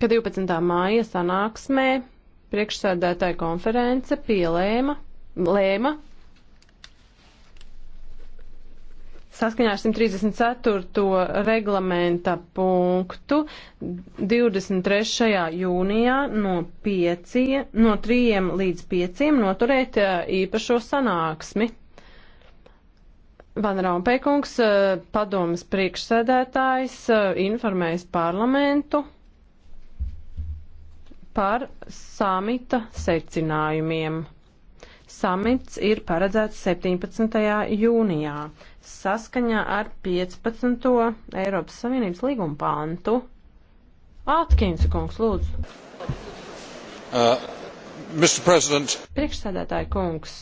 ka 12. māja sanāksmē priekšsēdētāja konference pielēma, lēma saskaņā ar 134. reglamenta punktu 23. jūnijā no, 5, no 3 līdz 5 noturēt īpašo sanāksmi. Van Raunpēkungs, padomas priekšsēdētājs, informējas parlamentu par samita secinājumiem. Samits ir paredzēts 17. jūnijā saskaņā ar 15. Eiropas Savienības līguma pantu. Atkins kungs, lūdzu. Uh, Priekšsēdētāja kungs,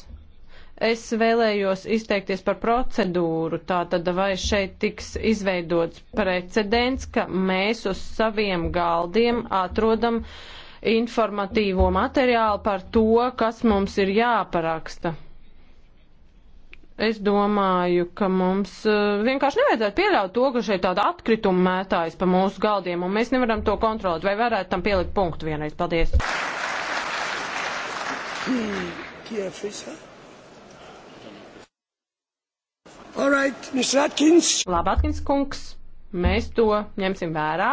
es vēlējos izteikties par procedūru, tātad vai šeit tiks izveidots precedents, ka mēs uz saviem galdiem atrodam uh, informatīvo materiālu par to, kas mums ir jāparaksta. Es domāju, ka mums e, vienkārši nevajadzētu pieļaut to, ka šeit tāda atkrituma mētājas pa mūsu galdiem, un mēs nevaram to kontrolēt. Vai varētu tam pielikt punktu vienreiz? Paldies! All right, Mr. Atkins. Labi, Atkins kungs, mēs to ņemsim vērā.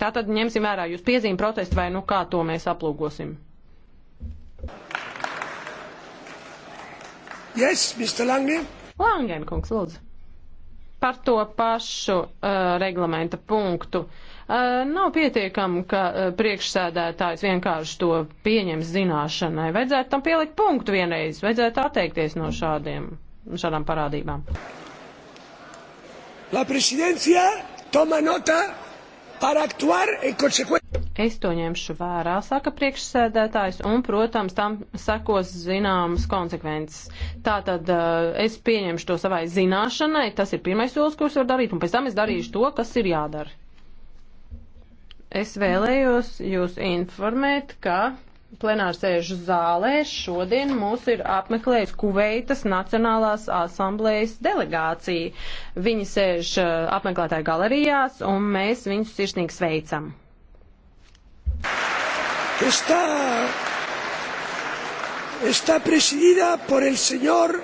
Tātad ņemsim vērā jūs piezīmi protestu vai nu kā to mēs aplūkosim. Yes, Mr. Lange. Langen, kungs, lūdzu. Par to pašu uh, reglamenta punktu. Uh, nav pietiekami, ka uh, priekšsēdētājs vienkārši to pieņems zināšanai. Vajadzētu tam pielikt punktu vienreiz, vajadzētu atteikties no šādiem, šādām parādībām. La presidencia toma nota Es to ņemšu vērā, saka priekšsēdētājs, un, protams, tam sekos zināmas konsekvences. Tātad eh, es pieņemšu to savai zināšanai, tas ir pirmais solis, ko es varu darīt, un pēc tam es darīšu to, kas ir jādara. Es vēlējos jūs informēt, ka plenārsēžu zālē šodien mūs ir apmeklējis Kuveitas Nacionālās asamblējas delegācija. Viņi sēž uh, apmeklētāju galerijās un mēs viņus sirsnīgi sveicam. Está, está presidida por el señor.